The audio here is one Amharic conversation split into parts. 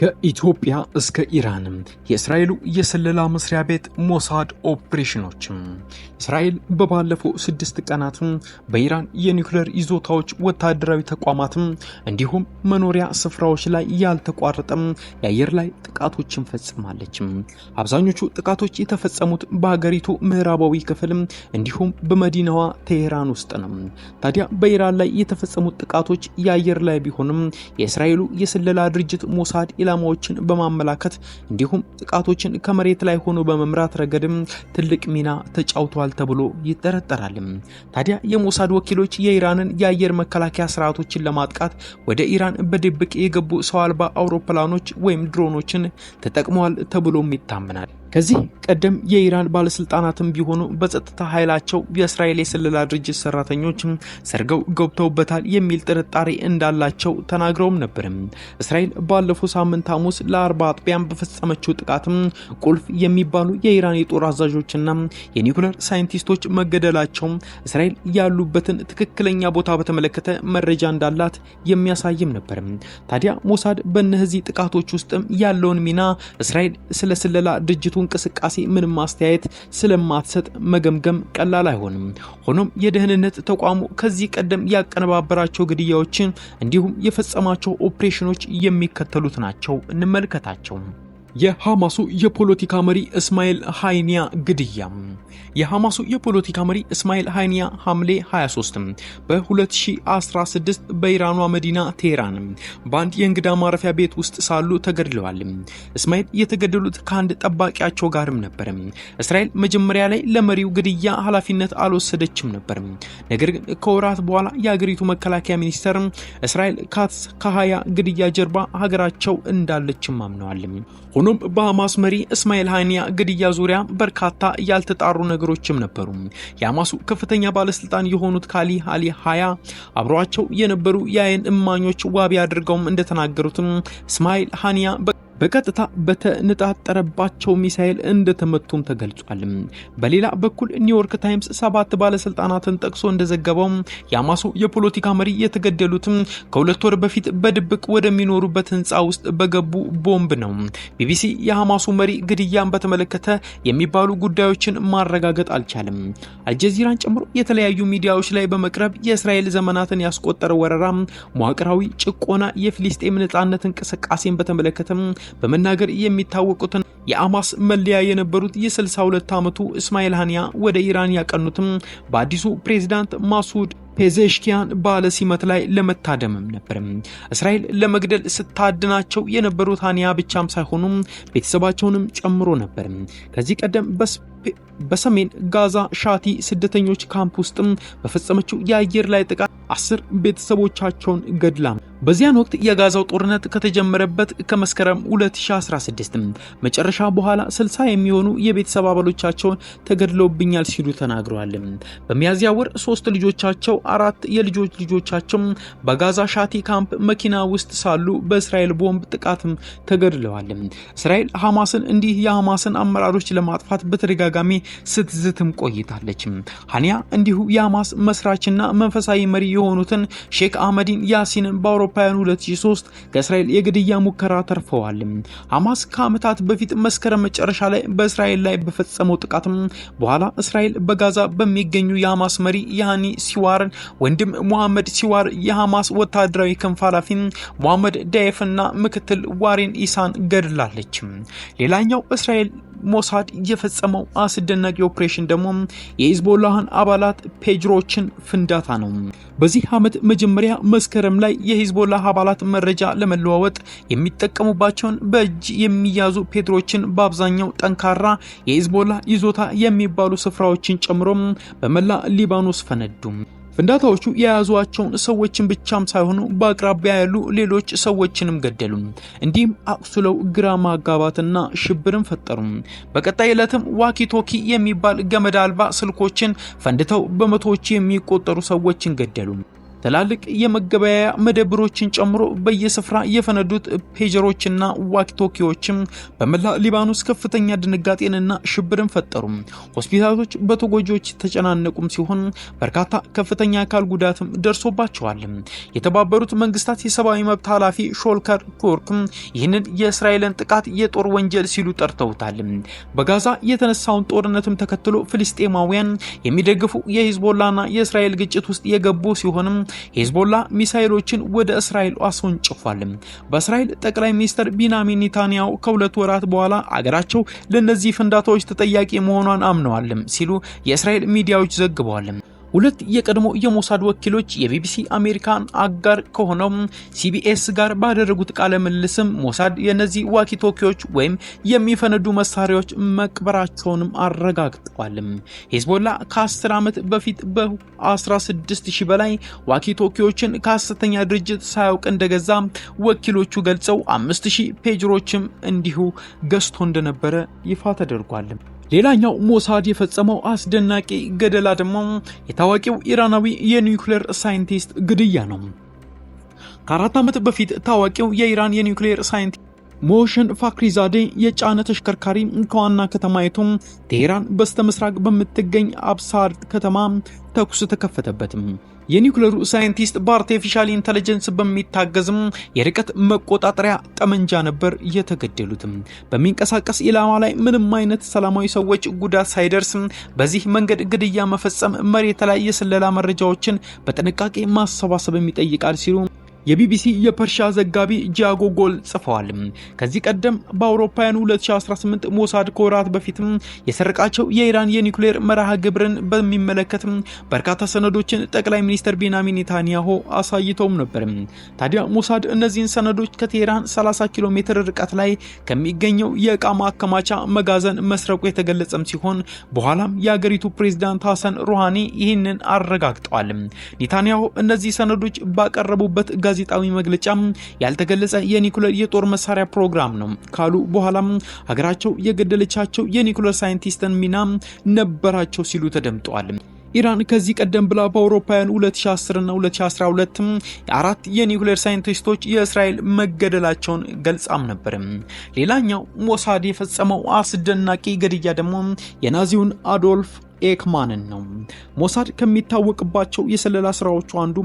ከኢትዮጵያ እስከ ኢራን የእስራኤሉ የስለላ መስሪያ ቤት ሞሳድ ኦፕሬሽኖች። እስራኤል በባለፈው ስድስት ቀናት በኢራን የኒውክሌር ይዞታዎች ወታደራዊ ተቋማት እንዲሁም መኖሪያ ስፍራዎች ላይ ያልተቋረጠም የአየር ላይ ጥቃቶችን ፈጽማለች። አብዛኞቹ ጥቃቶች የተፈጸሙት በሀገሪቱ ምዕራባዊ ክፍል እንዲሁም በመዲናዋ ቴሄራን ውስጥ ነው። ታዲያ በኢራን ላይ የተፈጸሙት ጥቃቶች የአየር ላይ ቢሆንም የእስራኤሉ የስለላ ድርጅት ሞሳድ ኢላማዎችን በማመላከት እንዲሁም ጥቃቶችን ከመሬት ላይ ሆኖ በመምራት ረገድም ትልቅ ሚና ተጫውተዋል ተብሎ ይጠረጠራል። ታዲያ የሞሳድ ወኪሎች የኢራንን የአየር መከላከያ ስርዓቶችን ለማጥቃት ወደ ኢራን በድብቅ የገቡ ሰው አልባ አውሮፕላኖች ወይም ድሮኖችን ተጠቅመዋል ተብሎም ይታመናል። ከዚህ ቀደም የኢራን ባለስልጣናትም ቢሆኑ በጸጥታ ኃይላቸው የእስራኤል የስለላ ድርጅት ሰራተኞች ሰርገው ገብተውበታል የሚል ጥርጣሬ እንዳላቸው ተናግረውም ነበርም። እስራኤል ባለፈው ሳምንት ሐሙስ ለአርባ አጥቢያን በፈጸመችው ጥቃትም ቁልፍ የሚባሉ የኢራን የጦር አዛዦችና የኒኩለር ሳይንቲስቶች መገደላቸው እስራኤል ያሉበትን ትክክለኛ ቦታ በተመለከተ መረጃ እንዳላት የሚያሳይም ነበር። ታዲያ ሞሳድ በነዚህ ጥቃቶች ውስጥም ያለውን ሚና እስራኤል ስለ ስለላ ድርጅቱን እንቅስቃሴ ምንም ማስተያየት ስለማትሰጥ መገምገም ቀላል አይሆንም። ሆኖም የደህንነት ተቋሙ ከዚህ ቀደም ያቀነባበራቸው ግድያዎችን እንዲሁም የፈጸማቸው ኦፕሬሽኖች የሚከተሉት ናቸው። እንመልከታቸው። የሐማሱ የፖለቲካ መሪ እስማኤል ሃይኒያ ግድያ። የሐማሱ የፖለቲካ መሪ እስማኤል ሃይኒያ ሐምሌ 23 በ2016 በኢራኗ መዲና ቴሄራን በአንድ የእንግዳ ማረፊያ ቤት ውስጥ ሳሉ ተገድለዋል። እስማኤል የተገደሉት ከአንድ ጠባቂያቸው ጋርም ነበር። እስራኤል መጀመሪያ ላይ ለመሪው ግድያ ኃላፊነት አልወሰደችም ነበር። ነገር ግን ከወራት በኋላ የአገሪቱ መከላከያ ሚኒስተር እስራኤል ካትስ ከሀያ ግድያ ጀርባ ሀገራቸው እንዳለችም አምነዋል። ሆኖም በሐማስ መሪ እስማኤል ሃኒያ ግድያ ዙሪያ በርካታ ያልተጣሩ ነገሮችም ነበሩ። የሐማሱ ከፍተኛ ባለስልጣን የሆኑት ካሊ አሊ ሀያ አብረዋቸው የነበሩ የአይን እማኞች ዋቢ አድርገውም እንደተናገሩትም እስማኤል ሃኒያ በቀጥታ በተነጣጠረባቸው ሚሳኤል እንደተመቱም ተገልጿል። በሌላ በኩል ኒውዮርክ ታይምስ ሰባት ባለስልጣናትን ጠቅሶ እንደዘገበው የአማሱ የፖለቲካ መሪ የተገደሉትም ከሁለት ወር በፊት በድብቅ ወደሚኖሩበት ህንፃ ውስጥ በገቡ ቦምብ ነው። ቢቢሲ የሐማሱ መሪ ግድያን በተመለከተ የሚባሉ ጉዳዮችን ማረጋገጥ አልቻለም። አልጀዚራን ጨምሮ የተለያዩ ሚዲያዎች ላይ በመቅረብ የእስራኤል ዘመናትን ያስቆጠረ ወረራ፣ መዋቅራዊ ጭቆና፣ የፊሊስጤም ነጻነት እንቅስቃሴን በተመለከተም። በመናገር የሚታወቁትን የአማስ መለያ የነበሩት የ62 ዓመቱ እስማኤል ሃኒያ ወደ ኢራን ያቀኑትም በአዲሱ ፕሬዚዳንት ማሱድ ፔዜሽኪያን ባለ ሲመት ላይ ለመታደምም ነበር። እስራኤል ለመግደል ስታድናቸው የነበሩት ሃኒያ ብቻም ሳይሆኑም ቤተሰባቸውንም ጨምሮ ነበር። ከዚህ ቀደም በሰሜን ጋዛ ሻቲ ስደተኞች ካምፕ ውስጥም በፈጸመችው የአየር ላይ ጥቃት አስር ቤተሰቦቻቸውን ገድላም በዚያን ወቅት የጋዛው ጦርነት ከተጀመረበት ከመስከረም 2016 መጨረሻ በኋላ 60 የሚሆኑ የቤተሰብ አባሎቻቸውን ተገድለውብኛል ሲሉ ተናግረዋል። በሚያዝያ ወር ሶስት ልጆቻቸው፣ አራት የልጆች ልጆቻቸው በጋዛ ሻቲ ካምፕ መኪና ውስጥ ሳሉ በእስራኤል ቦምብ ጥቃትም ተገድለዋል። እስራኤል ሐማስን እንዲህ የሐማስን አመራሮች ለማጥፋት በተደጋጋሚ ስትዝትም ቆይታለች። ሀኒያ እንዲሁ የሐማስ መስራችና መንፈሳዊ መሪ የሆኑትን ሼክ አህመዲን ያሲንን በአውሮ አውሮፓውያን 2003 ከእስራኤል የግድያ ሙከራ ተርፈዋል። ሐማስ ከዓመታት በፊት መስከረም መጨረሻ ላይ በእስራኤል ላይ በፈጸመው ጥቃት በኋላ እስራኤል በጋዛ በሚገኙ የሐማስ መሪ ያኒ ሲዋርን ወንድም ሙሐመድ ሲዋር፣ የሐማስ ወታደራዊ ክንፍ ኃላፊ ሙሐመድ እና ምክትል ዋሪን ኢሳን ገድላለች። ሌላኛው እስራኤል ሞሳድ የፈጸመው አስደናቂ ኦፕሬሽን ደግሞ የሂዝቦላህን አባላት ፔጅሮችን ፍንዳታ ነው። በዚህ ዓመት መጀመሪያ መስከረም ላይ የሂዝቦላህ አባላት መረጃ ለመለዋወጥ የሚጠቀሙባቸውን በእጅ የሚያዙ ፔትሮችን በአብዛኛው ጠንካራ የሂዝቦላ ይዞታ የሚባሉ ስፍራዎችን ጨምሮ በመላ ሊባኖስ ፈነዱ። ፍንዳታዎቹ የያዟቸውን ሰዎችን ብቻም ሳይሆኑ በአቅራቢያ ያሉ ሌሎች ሰዎችንም ገደሉ። እንዲህም አቁስለው ግራ ማጋባትና ሽብርን ፈጠሩ። በቀጣይ ዕለትም ዋኪቶኪ የሚባል ገመድ አልባ ስልኮችን ፈንድተው በመቶዎች የሚቆጠሩ ሰዎችን ገደሉ። ትላልቅ የመገበያያ መደብሮችን ጨምሮ በየስፍራ የፈነዱት ፔጀሮችና ዋኪቶኪዎችም በመላ ሊባኖስ ከፍተኛ ድንጋጤንና ሽብርን ፈጠሩ። ሆስፒታሎች በተጎጂዎች ተጨናነቁም ሲሆን በርካታ ከፍተኛ አካል ጉዳትም ደርሶባቸዋል። የተባበሩት መንግስታት የሰብአዊ መብት ኃላፊ ሾልከር ቱርክ ይህንን የእስራኤልን ጥቃት የጦር ወንጀል ሲሉ ጠርተውታል። በጋዛ የተነሳውን ጦርነትም ተከትሎ ፍልስጤማውያን የሚደግፉ የሂዝቦላና የእስራኤል ግጭት ውስጥ የገቡ ሲሆንም ሄዝቦላ ሚሳይሎችን ወደ እስራኤል አስወንጭፏል። በእስራኤል ጠቅላይ ሚኒስትር ቢናሚን ኔታንያሁ ከሁለት ወራት በኋላ አገራቸው ለእነዚህ ፍንዳታዎች ተጠያቂ መሆኗን አምነዋል ሲሉ የእስራኤል ሚዲያዎች ዘግበዋል። ሁለት የቀድሞ የሞሳድ ወኪሎች የቢቢሲ አሜሪካን አጋር ከሆነው ሲቢኤስ ጋር ባደረጉት ቃለ ምልልስም ሞሳድ የእነዚህ ዋኪቶኪዎች ወይም የሚፈነዱ መሳሪያዎች መቅበራቸውንም አረጋግጠዋል። ሄዝቦላ ከ10 ዓመት በፊት በ16000 በላይ ዋኪቶኪዎችን ከሐሰተኛ ድርጅት ሳያውቅ እንደገዛ ወኪሎቹ ገልጸው 5000 ፔጅሮችም እንዲሁ ገዝቶ እንደነበረ ይፋ ተደርጓል። ሌላኛው ሞሳድ የፈጸመው አስደናቂ ገደላ ደግሞ የታዋቂው ኢራናዊ የኒውክሌር ሳይንቲስት ግድያ ነው። ከአራት ዓመት በፊት ታዋቂው የኢራን የኒውክሌር ሳይንቲስት ሞሽን ፋክሪዛዴ የጫነ ተሽከርካሪ ከዋና ከተማይቱ ቴሄራን በስተ ምስራቅ በምትገኝ አብሳር ከተማ ተኩስ ተከፈተበትም። የኒውክሌሩ ሳይንቲስት በአርቲፊሻል ኢንተለጀንስ በሚታገዝም የርቀት መቆጣጠሪያ ጠመንጃ ነበር የተገደሉትም። በሚንቀሳቀስ ኢላማ ላይ ምንም አይነት ሰላማዊ ሰዎች ጉዳት ሳይደርስ በዚህ መንገድ ግድያ መፈጸም መሬት ላይ የስለላ መረጃዎችን በጥንቃቄ ማሰባሰብ ይጠይቃል ሲሉ የቢቢሲ የፐርሺያ ዘጋቢ ጂያጎ ጎል ጽፈዋል። ከዚህ ቀደም በአውሮፓውያኑ 2018 ሞሳድ ከወራት በፊትም የሰረቃቸው የኢራን የኒውክሌር መርሃ ግብርን በሚመለከት በርካታ ሰነዶችን ጠቅላይ ሚኒስትር ቤንያሚን ኔታንያሁ አሳይተውም ነበር። ታዲያ ሞሳድ እነዚህን ሰነዶች ከቴህራን 30 ኪሎ ሜትር ርቀት ላይ ከሚገኘው የእቃ ማከማቻ መጋዘን መስረቁ የተገለጸም ሲሆን በኋላም የአገሪቱ ፕሬዚዳንት ሀሰን ሩሃኒ ይህንን አረጋግጠዋል። ኔታንያሁ እነዚህ ሰነዶች ባቀረቡበት ጋዜጣዊ መግለጫ ያልተገለጸ የኒኩለር የጦር መሳሪያ ፕሮግራም ነው ካሉ በኋላም ሀገራቸው የገደለቻቸው የኒኩለር ሳይንቲስትን ሚና ነበራቸው ሲሉ ተደምጠዋል። ኢራን ከዚህ ቀደም ብላ በአውሮፓውያን 2010 እና 2012 የአራት የኒውክሌር ሳይንቲስቶች የእስራኤል መገደላቸውን ገልጻም ነበር። ሌላኛው ሞሳድ የፈጸመው አስደናቂ ግድያ ደግሞ የናዚውን አዶልፍ ኤክማንን ነው። ሞሳድ ከሚታወቅባቸው የስለላ ስራዎቹ አንዱ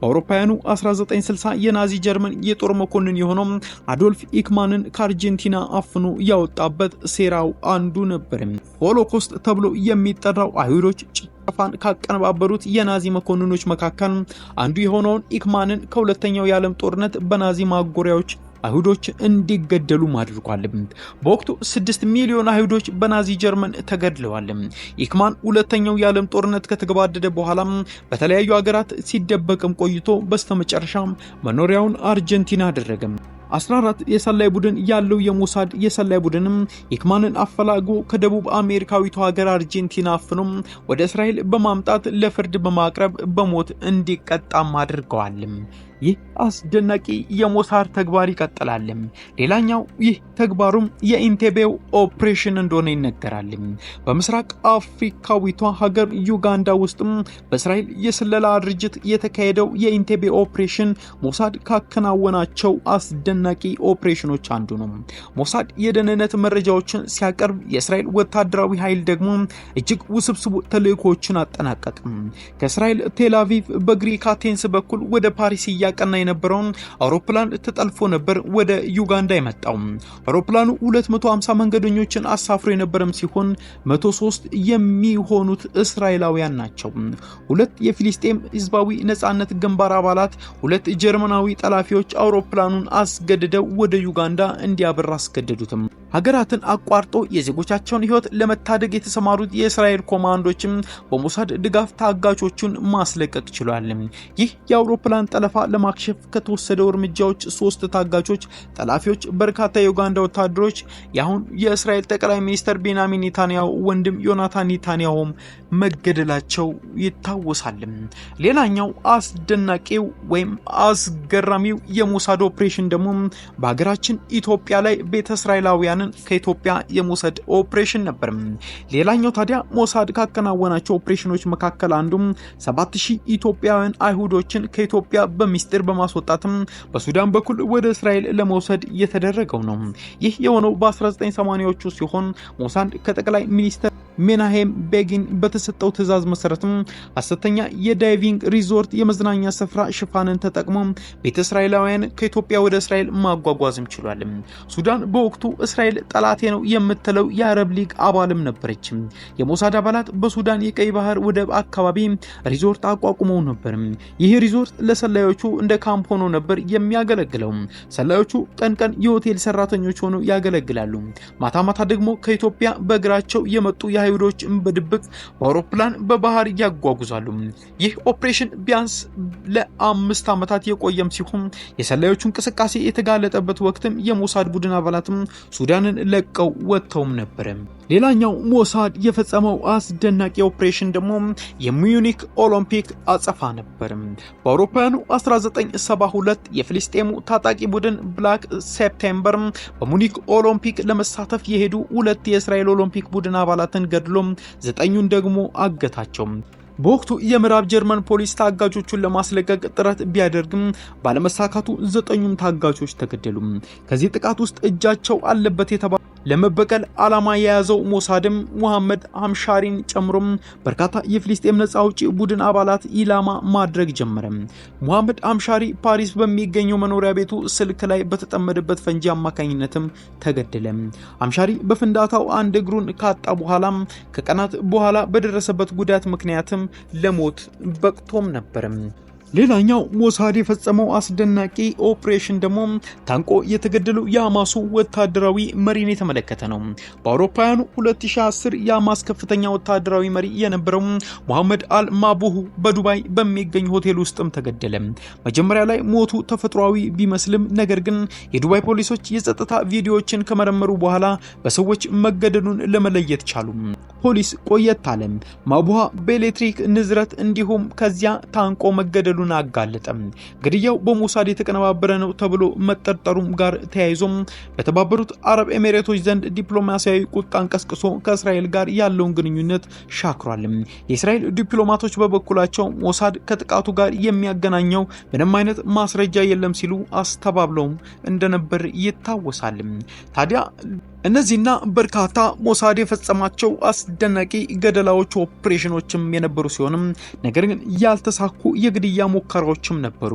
በአውሮፓውያኑ 1960 የናዚ ጀርመን የጦር መኮንን የሆነው አዶልፍ ኤክማንን ከአርጀንቲና አፍኖ ያወጣበት ሴራው አንዱ ነበር። ሆሎኮስት ተብሎ የሚጠራው አይሁዶች ጭፍጨፋን ካቀነባበሩት የናዚ መኮንኖች መካከል አንዱ የሆነውን ኢክማንን ከሁለተኛው የዓለም ጦርነት በናዚ ማጎሪያዎች አይሁዶች እንዲገደሉ አድርጓል። በወቅቱ ስድስት ሚሊዮን አይሁዶች በናዚ ጀርመን ተገድለዋል። ኢክማን ሁለተኛው የዓለም ጦርነት ከተገባደደ በኋላ በተለያዩ ሀገራት ሲደበቅም ቆይቶ በስተመጨረሻ መኖሪያውን አርጀንቲና አደረገም። 14 የሰላይ ቡድን ያለው የሞሳድ የሰላይ ቡድንም ኢክማንን አፈላጎ ከደቡብ አሜሪካዊቱ ሀገር አርጀንቲና አፍኖ ወደ እስራኤል በማምጣት ለፍርድ በማቅረብ በሞት እንዲቀጣም አድርገዋል። ይህ አስደናቂ የሞሳር ተግባር ይቀጥላልም። ሌላኛው ይህ ተግባሩም የኢንቴቤው ኦፕሬሽን እንደሆነ ይነገራል። በምስራቅ አፍሪካዊቷ ሀገር ዩጋንዳ ውስጥም በእስራኤል የስለላ ድርጅት የተካሄደው የኢንቴቤ ኦፕሬሽን ሞሳድ ካከናወናቸው አስደናቂ ኦፕሬሽኖች አንዱ ነው። ሞሳድ የደህንነት መረጃዎችን ሲያቀርብ፣ የእስራኤል ወታደራዊ ኃይል ደግሞ እጅግ ውስብስቡ ተልእኮዎችን አጠናቀቅም። ከእስራኤል ቴላቪቭ በግሪክ አቴንስ በኩል ወደ ፓሪስ እያ እያቀና የነበረውን አውሮፕላን ተጠልፎ ነበር ወደ ዩጋንዳ የመጣው። አውሮፕላኑ 250 መንገደኞችን አሳፍሮ የነበረም ሲሆን 103 የሚሆኑት እስራኤላውያን ናቸው። ሁለት የፊሊስጤም ህዝባዊ ነጻነት ግንባር አባላት፣ ሁለት ጀርመናዊ ጠላፊዎች አውሮፕላኑን አስገድደው ወደ ዩጋንዳ እንዲያበር አስገደዱትም። ሀገራትን አቋርጦ የዜጎቻቸውን ህይወት ለመታደግ የተሰማሩት የእስራኤል ኮማንዶችም በሞሳድ ድጋፍ ታጋቾቹን ማስለቀቅ ችሏል። ይህ የአውሮፕላን ጠለፋ ለማክሸፍ ከተወሰደው እርምጃዎች ሶስት ታጋቾች ጠላፊዎች በርካታ የኡጋንዳ ወታደሮች፣ የአሁን የእስራኤል ጠቅላይ ሚኒስትር ቤንያሚን ኔታንያሁ ወንድም ዮናታን ኔታንያሁም መገደላቸው ይታወሳል። ሌላኛው አስደናቂው ወይም አስገራሚው የሞሳድ ኦፕሬሽን ደግሞ በሀገራችን ኢትዮጵያ ላይ ቤተ እስራኤላውያን ኢትዮጵያውያንን ከኢትዮጵያ የመውሰድ ኦፕሬሽን ነበር። ሌላኛው ታዲያ ሞሳድ ካከናወናቸው ኦፕሬሽኖች መካከል አንዱም 7000 ኢትዮጵያውያን አይሁዶችን ከኢትዮጵያ በሚስጢር በማስወጣትም በሱዳን በኩል ወደ እስራኤል ለመውሰድ የተደረገው ነው። ይህ የሆነው በ1980ዎቹ ሲሆን ሞሳድ ከጠቅላይ ሚኒስተር ሜናሄም ቤጊን በተሰጠው ትዕዛዝ መሰረትም ሐሰተኛ የዳይቪንግ ሪዞርት የመዝናኛ ስፍራ ሽፋንን ተጠቅሞ ቤተ እስራኤላውያን ከኢትዮጵያ ወደ እስራኤል ማጓጓዝም ችሏል። ሱዳን በወቅቱ እስራኤል ጠላቴ ነው የምትለው የአረብ ሊግ አባልም ነበረች። የሞሳድ አባላት በሱዳን የቀይ ባህር ወደብ አካባቢ ሪዞርት አቋቁመው ነበር። ይህ ሪዞርት ለሰላዮቹ እንደ ካምፕ ሆኖ ነበር የሚያገለግለው። ሰላዮቹ ቀን ቀን የሆቴል ሰራተኞች ሆነው ያገለግላሉ። ማታ ማታ ደግሞ ከኢትዮጵያ በእግራቸው የመጡ አይሁዶችን በድብቅ በአውሮፕላን በባህር ያጓጉዛሉ። ይህ ኦፕሬሽን ቢያንስ ለአምስት ዓመታት የቆየም ሲሆን የሰላዮቹ እንቅስቃሴ የተጋለጠበት ወቅትም የሞሳድ ቡድን አባላትም ሱዳንን ለቀው ወጥተውም ነበረ። ሌላኛው ሞሳድ የፈጸመው አስደናቂ ኦፕሬሽን ደግሞ የሚዩኒክ ኦሎምፒክ አጸፋ ነበር። በአውሮፓውያኑ 1972 የፊልስጤሙ ታጣቂ ቡድን ብላክ ሴፕቴምበር በሙኒክ ኦሎምፒክ ለመሳተፍ የሄዱ ሁለት የእስራኤል ኦሎምፒክ ቡድን አባላትን ገድሎ ዘጠኙን ደግሞ አገታቸው። በወቅቱ የምዕራብ ጀርመን ፖሊስ ታጋቾቹን ለማስለቀቅ ጥረት ቢያደርግም ባለመሳካቱ ዘጠኙም ታጋቾች ተገደሉ። ከዚህ ጥቃት ውስጥ እጃቸው አለበት የተባ ለመበቀል ዓላማ የያዘው ሞሳድም ሙሐመድ አምሻሪን ጨምሮም በርካታ የፍልስጤም ነጻ አውጪ ቡድን አባላት ኢላማ ማድረግ ጀመረ። ሙሐመድ አምሻሪ ፓሪስ በሚገኘው መኖሪያ ቤቱ ስልክ ላይ በተጠመደበት ፈንጂ አማካኝነትም ተገደለ። አምሻሪ በፍንዳታው አንድ እግሩን ካጣ በኋላም ከቀናት በኋላ በደረሰበት ጉዳት ምክንያትም ለሞት በቅቶም ነበርም። ሌላኛው ሞሳድ የፈጸመው አስደናቂ ኦፕሬሽን ደግሞ ታንቆ የተገደለው የሐማሱ ወታደራዊ መሪን የተመለከተ ነው። በአውሮፓውያኑ 2010 የሐማስ ከፍተኛ ወታደራዊ መሪ የነበረው ሙሐመድ አል ማቡሁ በዱባይ በሚገኝ ሆቴል ውስጥም ተገደለ። መጀመሪያ ላይ ሞቱ ተፈጥሯዊ ቢመስልም፣ ነገር ግን የዱባይ ፖሊሶች የጸጥታ ቪዲዮዎችን ከመረመሩ በኋላ በሰዎች መገደሉን ለመለየት ቻሉ። ፖሊስ ቆየት አለ። ማቡሃ በኤሌክትሪክ ንዝረት እንዲሁም ከዚያ ታንቆ መገደሉ ወንጀሉን አጋለጠም። ግድያው በሞሳድ የተቀነባበረ ነው ተብሎ መጠርጠሩም ጋር ተያይዞም በተባበሩት አረብ ኤሚሬቶች ዘንድ ዲፕሎማሲያዊ ቁጣን ቀስቅሶ ከእስራኤል ጋር ያለውን ግንኙነት ሻክሯል። የእስራኤል ዲፕሎማቶች በበኩላቸው ሞሳድ ከጥቃቱ ጋር የሚያገናኘው ምንም አይነት ማስረጃ የለም ሲሉ አስተባብለውም እንደነበር ይታወሳል። ታዲያ እነዚህና በርካታ ሞሳድ የፈጸማቸው አስደናቂ ገደላዎች ኦፕሬሽኖችም የነበሩ ሲሆንም ነገር ግን ያልተሳኩ የግድያ ሙከራዎችም ነበሩ።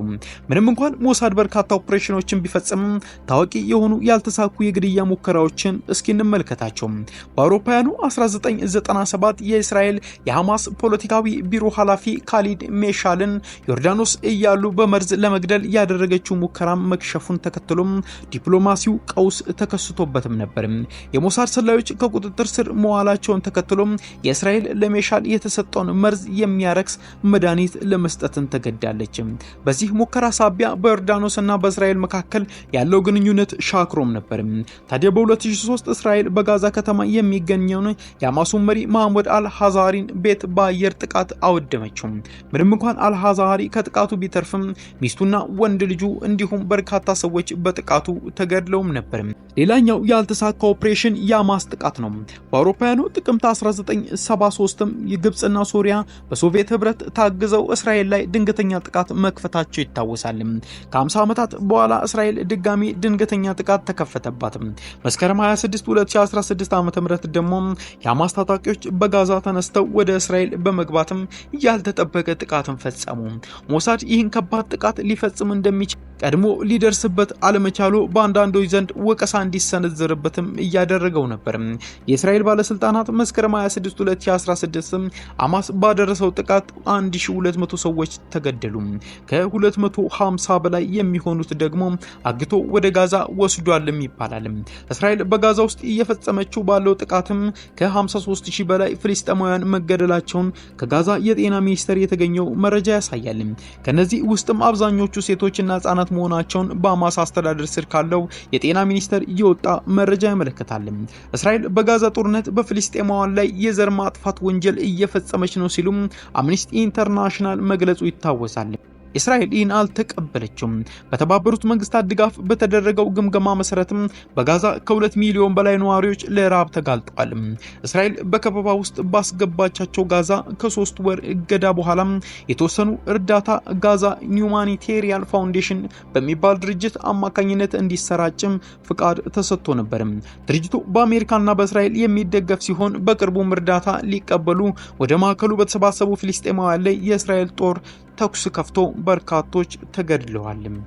ምንም እንኳን ሞሳድ በርካታ ኦፕሬሽኖችን ቢፈጽም ታዋቂ የሆኑ ያልተሳኩ የግድያ ሙከራዎችን እስኪ እንመልከታቸው። በአውሮፓውያኑ 1997 የእስራኤል የሐማስ ፖለቲካዊ ቢሮ ኃላፊ ካሊድ ሜሻልን ዮርዳኖስ እያሉ በመርዝ ለመግደል ያደረገችው ሙከራ መክሸፉን ተከትሎም ዲፕሎማሲው ቀውስ ተከስቶበትም ነበር። የሞሳድ ሰላዮች ከቁጥጥር ስር መዋላቸውን ተከትሎም የእስራኤል ለሜሻል የተሰጠውን መርዝ የሚያረክስ መድኃኒት ለመስጠትን ተገዳለች። በዚህ ሙከራ ሳቢያ በዮርዳኖስ እና በእስራኤል መካከል ያለው ግንኙነት ሻክሮም ነበር። ታዲያ በ2003 እስራኤል በጋዛ ከተማ የሚገኘውን የአማሱ መሪ ማህሙድ አልሃዛሪን ቤት በአየር ጥቃት አወደመችው። ምንም እንኳን አልሃዛሪ ከጥቃቱ ቢተርፍም ሚስቱና ወንድ ልጁ እንዲሁም በርካታ ሰዎች በጥቃቱ ተገድለውም ነበር። ሌላኛው ያልተሳካ ኦፕሬሽን ያማስ ጥቃት ነው። በአውሮፓውያኑ ጥቅምት 1973ም የግብፅና ሶሪያ በሶቪየት ህብረት ታግዘው እስራኤል ላይ ድንገተኛ ጥቃት መክፈታቸው ይታወሳል። ከ50 ዓመታት በኋላ እስራኤል ድጋሚ ድንገተኛ ጥቃት ተከፈተባት። መስከረም 26 2016 ዓ ም ደግሞ የአማስ ታጣቂዎች በጋዛ ተነስተው ወደ እስራኤል በመግባትም ያልተጠበቀ ጥቃትን ፈጸሙ። ሞሳድ ይህን ከባድ ጥቃት ሊፈጽም እንደሚችል ቀድሞ ሊደርስበት አለመቻሉ በአንዳንዶች ዘንድ ወቀሳ እንዲሰነዘርበትም እያደረገው ነበር። የእስራኤል ባለስልጣናት መስከረም 26 2016 አማስ ባደረሰው ጥቃት 1200 ሰዎች ተገደሉ፣ ከ250 በላይ የሚሆኑት ደግሞ አግቶ ወደ ጋዛ ወስዷልም ይባላል። እስራኤል በጋዛ ውስጥ እየፈጸመችው ባለው ጥቃትም ከ53000 በላይ ፍልስጤማውያን መገደላቸውን ከጋዛ የጤና ሚኒስቴር የተገኘው መረጃ ያሳያል። ከነዚህ ውስጥም አብዛኞቹ ሴቶችና ህጻናት መሆናቸውን በአማስ አስተዳደር ስር ካለው የጤና ሚኒስቴር የወጣ መረጃ ያመለክታል። እስራኤል በጋዛ ጦርነት በፍልስጤማውያን ላይ የዘር ማጥፋት ወንጀል እየፈጸመች ነው ሲሉም አምኒስቲ ኢንተርናሽናል መግለጹ ይታወሳል። እስራኤል ይህን አልተቀበለችም። በተባበሩት መንግስታት ድጋፍ በተደረገው ግምገማ መሰረትም በጋዛ ከሁለት ሚሊዮን በላይ ነዋሪዎች ለረሃብ ተጋልጠዋል። እስራኤል በከበባ ውስጥ ባስገባቻቸው ጋዛ ከሶስት ወር እገዳ በኋላ የተወሰኑ እርዳታ ጋዛ ኒውማኒቴሪያን ፋውንዴሽን በሚባል ድርጅት አማካኝነት እንዲሰራጭም ፍቃድ ተሰጥቶ ነበር። ድርጅቱ በአሜሪካና በእስራኤል የሚደገፍ ሲሆን በቅርቡም እርዳታ ሊቀበሉ ወደ ማዕከሉ በተሰባሰቡ ፍልስጤማውያን ላይ የእስራኤል ጦር ተኩስ ከፍቶ በርካቶች ተገድለዋልም።